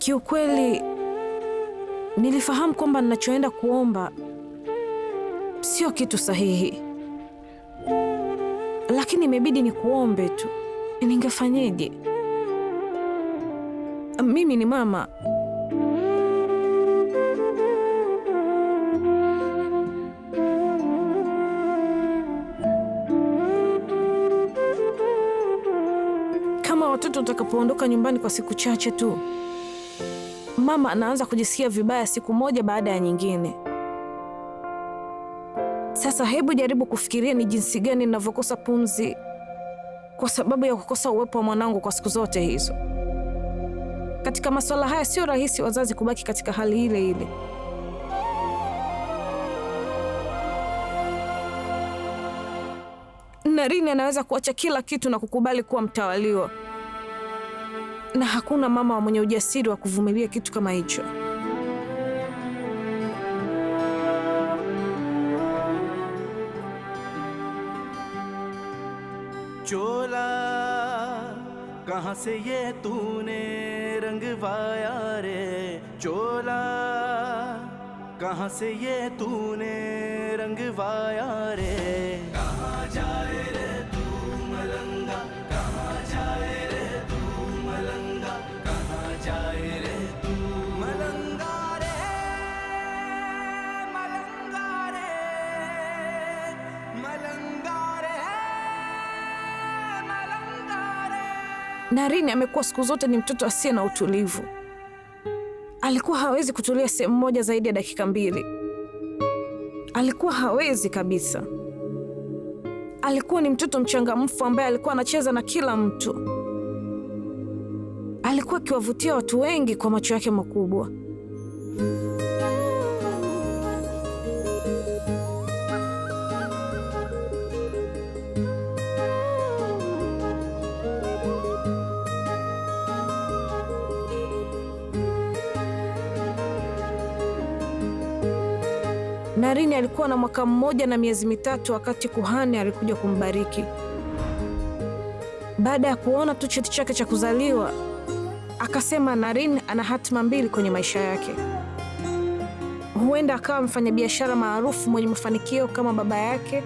Kiukweli nilifahamu kwamba ninachoenda kuomba sio kitu sahihi, lakini imebidi ni kuombe tu. Ningefanyeje? Mimi ni mama. Kama watoto watakapoondoka nyumbani kwa siku chache tu mama anaanza kujisikia vibaya siku moja baada ya nyingine. Sasa hebu jaribu kufikiria ni jinsi gani ninavyokosa pumzi kwa sababu ya kukosa uwepo wa mwanangu kwa siku zote hizo. Katika masuala haya sio rahisi wazazi kubaki katika hali ile ile. Naren anaweza kuacha kila kitu na kukubali kuwa mtawaliwa na hakuna mama wa mwenye ujasiri wa kuvumilia kitu kama hicho. Chola, kahan se ye tune rangvaya re chola kahan se ye tune rangvaya re Naren amekuwa siku zote ni mtoto asiye na utulivu. Alikuwa hawezi kutulia sehemu moja zaidi ya dakika mbili. Alikuwa hawezi kabisa. Alikuwa ni mtoto mchangamfu ambaye alikuwa anacheza na kila mtu. Alikuwa akiwavutia watu wengi kwa macho yake makubwa. Narini alikuwa na mwaka mmoja na miezi mitatu wakati kuhani alikuja kumbariki. Baada ya kuona tu cheti chake cha kuzaliwa, akasema narin ana hatima mbili kwenye maisha yake. Huenda akawa mfanyabiashara maarufu mwenye mafanikio kama baba yake,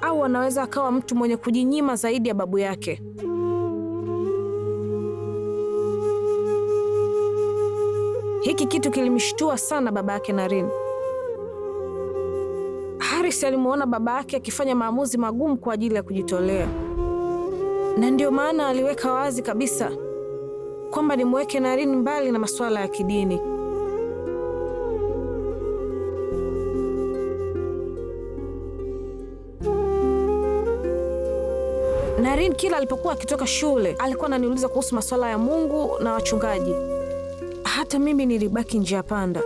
au anaweza akawa mtu mwenye kujinyima zaidi ya babu yake. kilimshtua sana baba yake Naren. Haris alimwona baba yake akifanya maamuzi magumu kwa ajili ya kujitolea, na ndio maana aliweka wazi kabisa kwamba nimweke Naren mbali na masuala ya kidini. Naren kila alipokuwa akitoka shule alikuwa ananiuliza kuhusu masuala ya Mungu na wachungaji hata mimi nilibaki njia panda.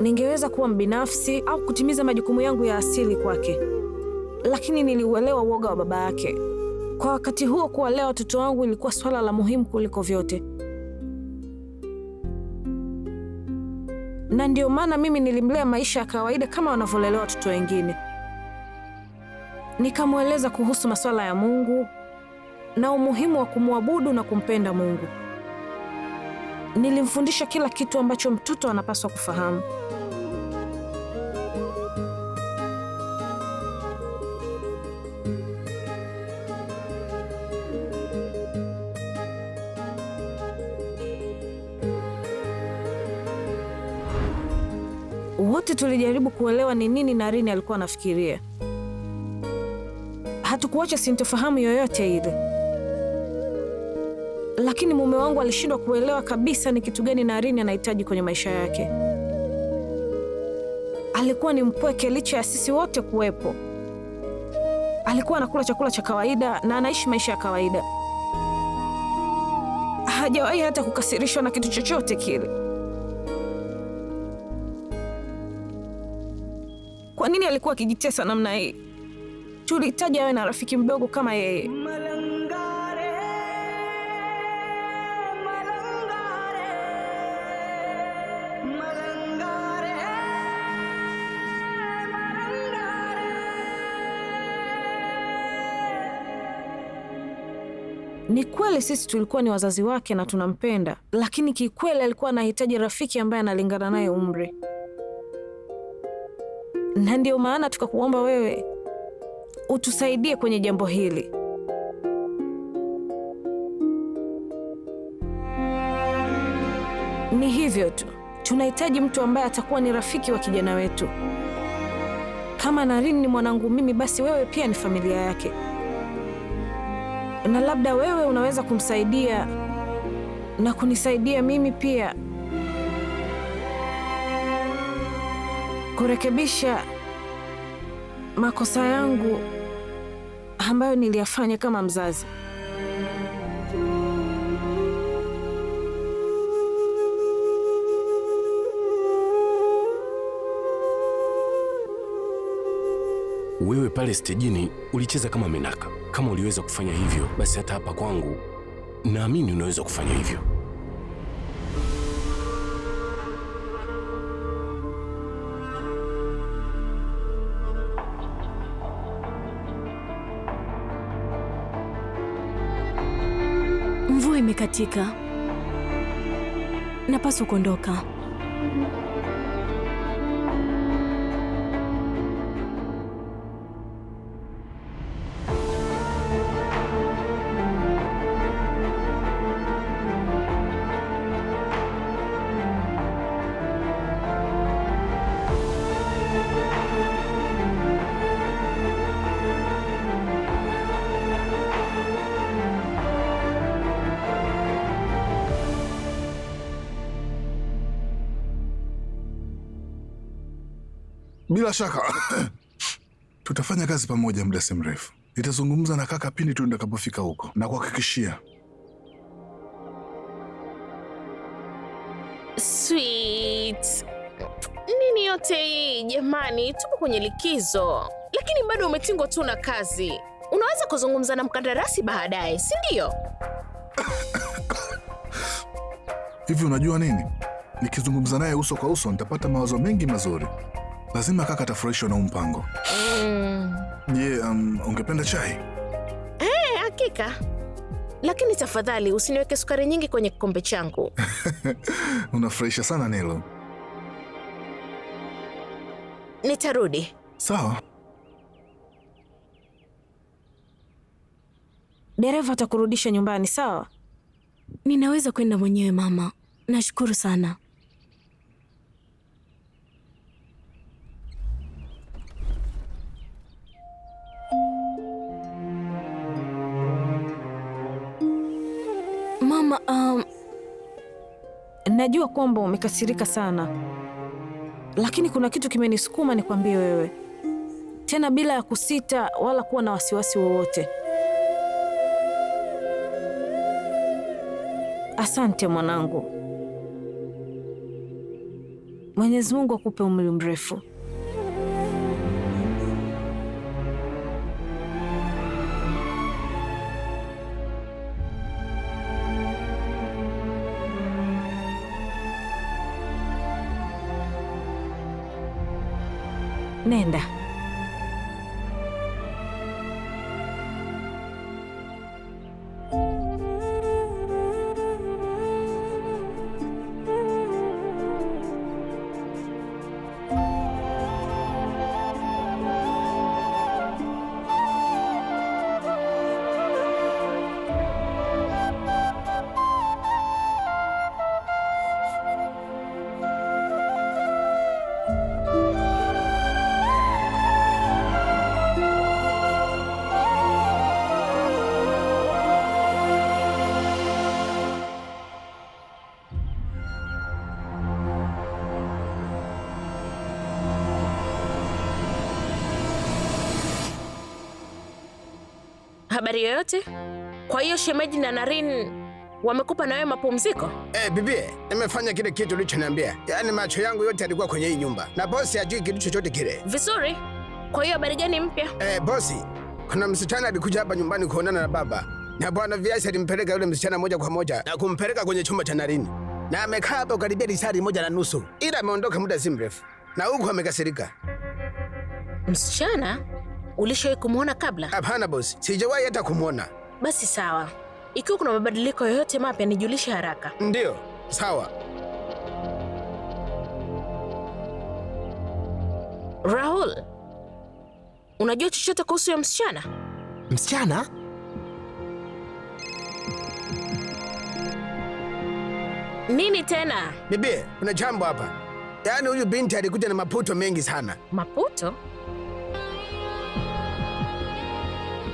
Ningeweza kuwa mbinafsi au kutimiza majukumu yangu ya asili kwake, lakini niliuelewa uoga wa baba yake. Kwa wakati huo, kuwalea watoto wangu ilikuwa swala la muhimu kuliko vyote, na ndio maana mimi nilimlea maisha ya kawaida kama wanavyolelewa watoto wengine. Nikamweleza kuhusu masuala ya Mungu na umuhimu wa kumwabudu na kumpenda Mungu. Nilimfundisha kila kitu ambacho mtoto anapaswa kufahamu. Wote tulijaribu kuelewa ni nini Naren alikuwa anafikiria. Hatukuacha sintofahamu yoyote ile lakini mume wangu alishindwa kuelewa kabisa ni kitu gani Naren anahitaji kwenye maisha yake. Alikuwa ni mpweke licha ya sisi wote kuwepo. Alikuwa anakula chakula cha kawaida na anaishi maisha ya kawaida. Hajawahi hata kukasirishwa na kitu chochote kile. Kwa nini alikuwa akijitesa namna hii? Tulihitaji awe na rafiki mdogo kama yeye. Ni kweli sisi tulikuwa ni wazazi wake na tunampenda, lakini kikweli alikuwa anahitaji rafiki ambaye analingana naye umri, na ndio maana tukakuomba wewe utusaidie kwenye jambo hili. Ni hivyo tu, tunahitaji mtu ambaye atakuwa ni rafiki wa kijana wetu. Kama Naren ni mwanangu mimi, basi wewe pia ni familia yake na labda wewe unaweza kumsaidia na kunisaidia mimi pia kurekebisha makosa yangu ambayo niliyafanya kama mzazi. Wewe pale stejini ulicheza kama menaka. Kama uliweza kufanya hivyo, basi hata hapa kwangu naamini unaweza kufanya hivyo. Mvua imekatika, napaswa kuondoka. Bila shaka tutafanya kazi pamoja muda si mrefu. Nitazungumza na kaka pindi tu nitakapofika huko na kuhakikishia. Sweet. Nini yote hii jamani? Tupo kwenye likizo, lakini bado umetingwa tu na kazi. Unaweza kuzungumza na mkandarasi baadaye, si ndio? Hivi unajua nini, nikizungumza naye uso kwa uso nitapata mawazo mengi mazuri lazima kaka atafurahishwa na huu mpango. Mm. Je, mm. um, ungependa chai? Eh, hakika, lakini tafadhali usiniweke sukari nyingi kwenye kikombe changu. Unafurahisha sana nelo Nitarudi. Sawa. Dereva atakurudisha nyumbani, sawa? Ninaweza kwenda mwenyewe mama. Nashukuru sana. Mama, um... najua kwamba umekasirika sana, lakini kuna kitu kimenisukuma nikwambie wewe, tena bila ya kusita wala kuwa na wasiwasi wowote. Asante mwanangu. Mwenyezi Mungu akupe umri mrefu. nenda habari yoyote? Kwa hiyo shemeji na Naren wamekupa na wewe mapumziko? Eh, bibi, nimefanya kile kitu ulichoniambia. Yaani macho yangu yote yalikuwa kwenye hii nyumba na bosi hajui kitu chochote kile. Vizuri. Kwa hiyo habari gani mpya? Eh, bosi, kuna msichana alikuja hapa nyumbani kuonana na baba na bwana Vyasi alimpeleka yule msichana moja kwa moja na kumpeleka kwenye chumba cha Naren na amekaa hapo karibia lisari moja na nusu, ila ameondoka muda si mrefu na huku amekasirika. Msichana Ulishawahi kumwona kabla? Hapana bosi, sijawahi hata kumwona. Basi sawa, ikiwa kuna mabadiliko yoyote mapya nijulishe haraka. Ndiyo, sawa. Rahul, unajua chochote kuhusu ya msichana? Msichana? Nini tena? Bibi, kuna jambo hapa. Yaani huyu binti alikuja na maputo mengi sana. Maputo?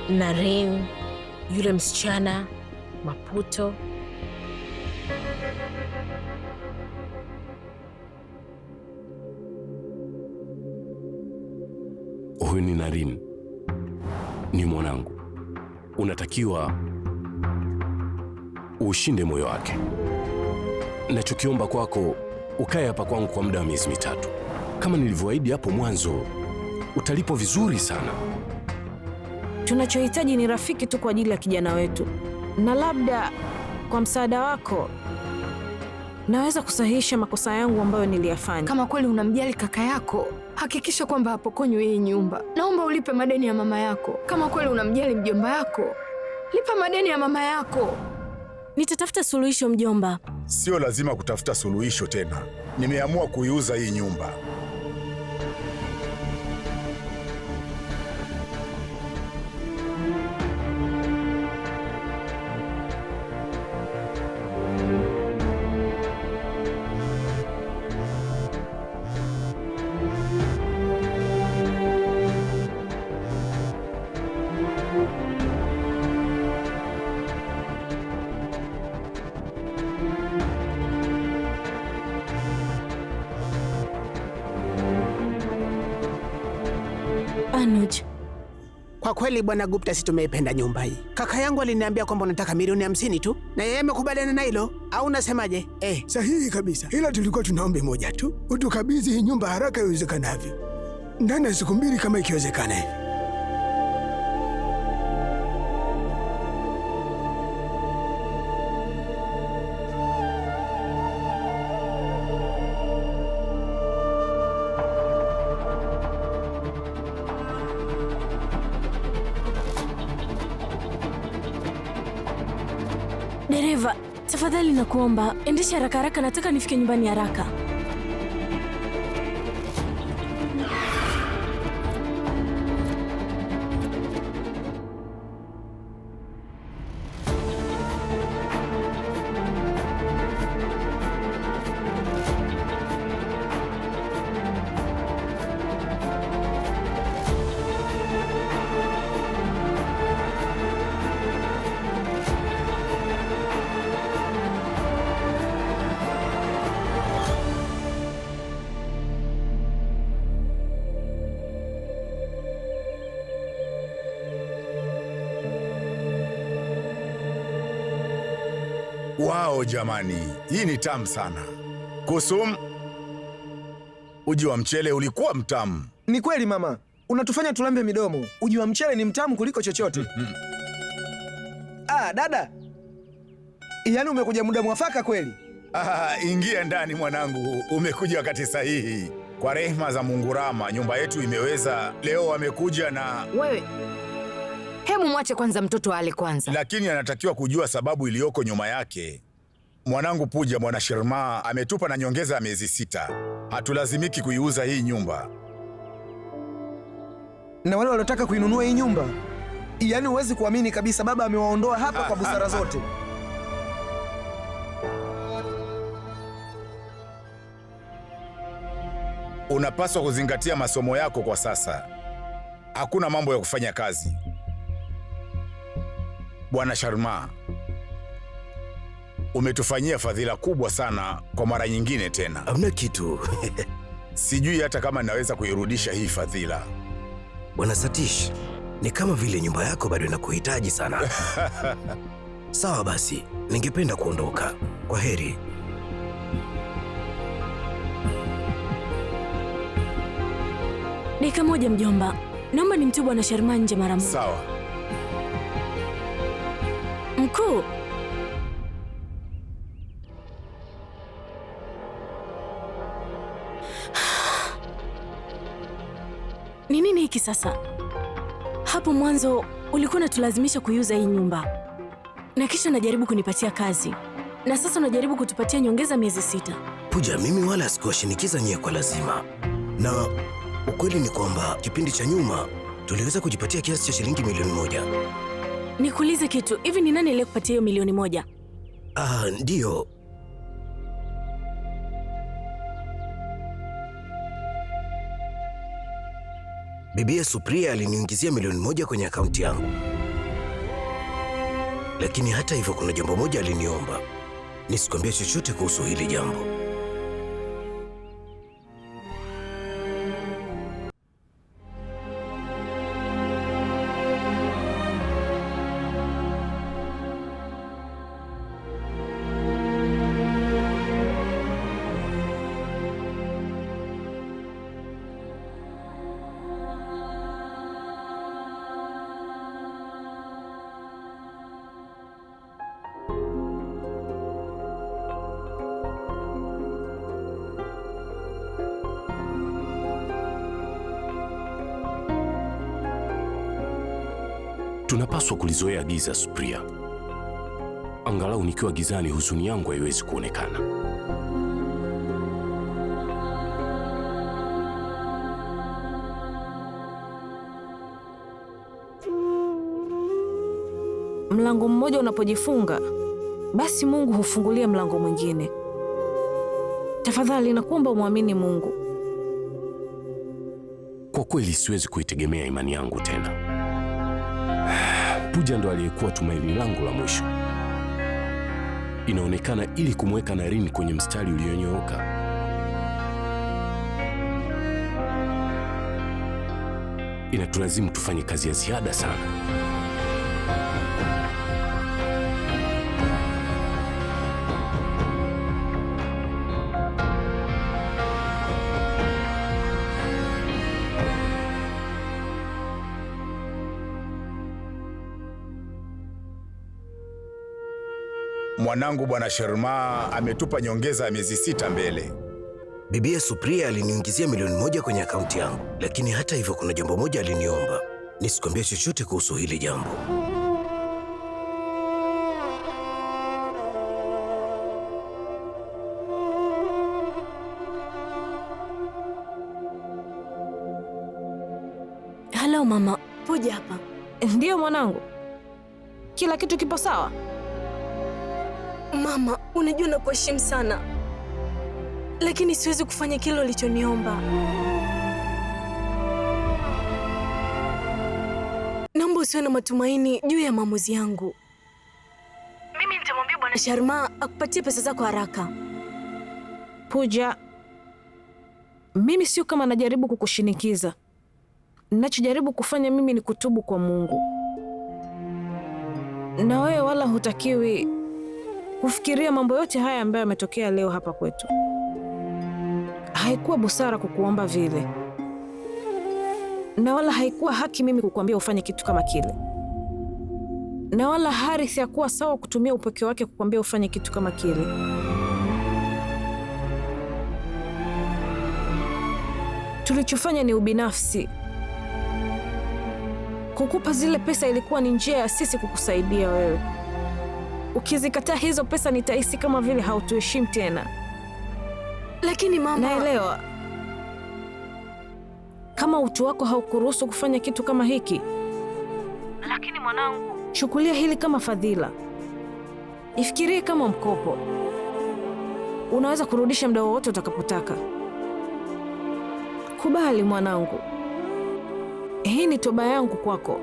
Naren, yule msichana Maputo. Huyu ni Naren, ni mwanangu, unatakiwa ushinde moyo wake. Nachokiomba kwako, ukae hapa kwangu kwa muda wa miezi mitatu kama nilivyoahidi hapo mwanzo. Utalipwa vizuri sana. Tunachohitaji ni rafiki tu kwa ajili ya kijana wetu, na labda kwa msaada wako naweza kusahihisha makosa yangu ambayo niliyafanya. Kama kweli unamjali kaka yako, hakikisha kwamba hapokonywi hii nyumba. Naomba ulipe madeni ya mama yako. Kama kweli unamjali mjomba yako, lipa madeni ya mama yako. Nitatafuta suluhisho, mjomba. Sio lazima kutafuta suluhisho tena, nimeamua kuiuza hii nyumba. kweli bwana Gupta, si tumeipenda nyumba hii. Kaka yangu aliniambia kwamba unataka milioni hamsini tu na yeye amekubaliana na hilo, au unasemaje? Eh, sahihi kabisa, ila tulikuwa tuna ombi moja tu, utukabidhi hii nyumba haraka iwezekanavyo, ndani ya siku mbili kama ikiwezekana hivi. nakuomba endesha haraka haraka, nataka nifike nyumbani haraka. wao. Jamani, hii ni tamu sana. Kusum, uji wa mchele ulikuwa mtamu. Ni kweli mama, unatufanya tulambe midomo. Uji wa mchele ni mtamu kuliko chochote. Ah, dada, yaani umekuja muda mwafaka kweli. Ah, ingia ndani mwanangu, umekuja wakati sahihi. Kwa rehema za Mungu Rama, nyumba yetu imeweza leo. Wamekuja na wewe Hemu mwache kwanza mtoto ale kwanza. Lakini anatakiwa kujua sababu iliyoko nyuma yake. Mwanangu Puja Mwana sherma ametupa na nyongeza ya miezi sita. Hatulazimiki kuiuza hii nyumba. Na wale waliotaka kuinunua hii nyumba, yaani huwezi kuamini kabisa, baba amewaondoa hapa kwa busara zote. Unapaswa kuzingatia masomo yako kwa sasa. Hakuna mambo ya kufanya kazi. Bwana Sharma, umetufanyia fadhila kubwa sana kwa mara nyingine tena. Hamna kitu. Sijui hata kama naweza kuirudisha hii fadhila. Bwana Satish, ni kama vile nyumba yako bado inakuhitaji sana. Sawa basi, ningependa kuondoka. Kwa heri. Dakika moja mjomba, naomba nimtie Bwana Sharma nje mara moja. Sawa mkuu. Ni nini hiki sasa? Hapo mwanzo ulikuwa unatulazimisha kuiuza hii nyumba na kisha unajaribu kunipatia kazi na sasa unajaribu kutupatia nyongeza miezi sita. Puja, mimi wala sikuwashinikiza nyie kwa lazima, na ukweli ni kwamba kipindi cha nyuma tuliweza kujipatia kiasi cha shilingi milioni moja. Nikuulize kitu, hivi ni nani aliyekupatia hiyo milioni moja? Ah, ndiyo. bibia Supriya aliniingizia milioni moja kwenye akaunti yangu, lakini hata hivyo kuna jambo moja aliniomba nisikwambie chochote kuhusu hili jambo. tunapaswa kulizoea giza, Supriya. Angalau nikiwa gizani, huzuni yangu haiwezi kuonekana. Mlango mmoja unapojifunga, basi Mungu hufungulia mlango mwingine. Tafadhali nakuomba umwamini Mungu. Kwa kweli siwezi kuitegemea imani yangu tena. Puja ndo aliyekuwa tumaini langu la mwisho. Inaonekana ili kumweka Naren kwenye mstari ulionyooka inatulazimu tufanye kazi ya ziada sana. Mwanangu Bwana Sharma ametupa nyongeza ya miezi sita mbele. Bibi Supriya aliniingizia milioni moja kwenye akaunti yangu, lakini hata hivyo kuna jambo moja aliniomba nisikwambie chochote kuhusu hili jambo. Halo mama, poja hapa. Ndiyo mwanangu, kila kitu kipo sawa? Mama, unajua nakuheshimu sana, lakini siwezi kufanya kile ulichoniomba. Naomba usiwe na matumaini juu ya maamuzi yangu. Mimi nitamwambia Bwana Sharma akupatie pesa zako haraka. Puja, mimi sio kama najaribu kukushinikiza. Ninachojaribu kufanya mimi ni kutubu kwa Mungu, na wewe wala hutakiwi kufikiria mambo yote haya ambayo yametokea leo hapa kwetu. Haikuwa busara kukuomba vile, na wala haikuwa haki mimi kukuambia ufanye kitu kama kile, na wala Harith hakuwa sawa kutumia upekeo wake kukuambia ufanye kitu kama kile. Tulichofanya ni ubinafsi. Kukupa zile pesa ilikuwa ni njia ya sisi kukusaidia wewe. Ukizikataa hizo pesa nitahisi kama vile hautuheshimu tena. Lakini mama, naelewa kama utu wako haukuruhusu kufanya kitu kama hiki, lakini mwanangu, chukulia hili kama fadhila, ifikirie kama mkopo. Unaweza kurudisha muda wowote utakapotaka. Kubali mwanangu, hii ni toba yangu kwako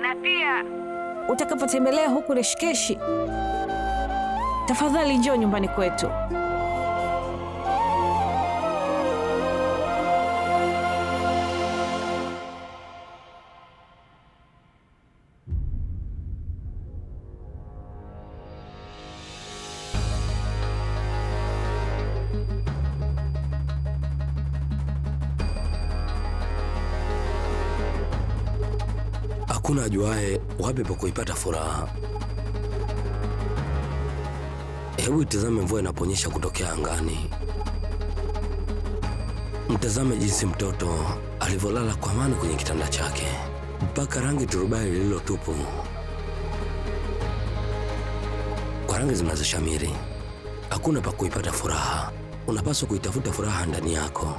na pia utakapotembelea huku Rishikeshi, tafadhali njoo nyumbani kwetu. Hakuna ajuaye wabeba kuipata furaha. Hebu itazame mvua inaponyesha kutokea angani. Mtazame jinsi mtoto alivyolala kwa amani kwenye kitanda chake, mpaka rangi turubai lililotupu kwa rangi zinazoshamiri. Hakuna pa kuipata furaha, unapaswa kuitafuta furaha ndani yako.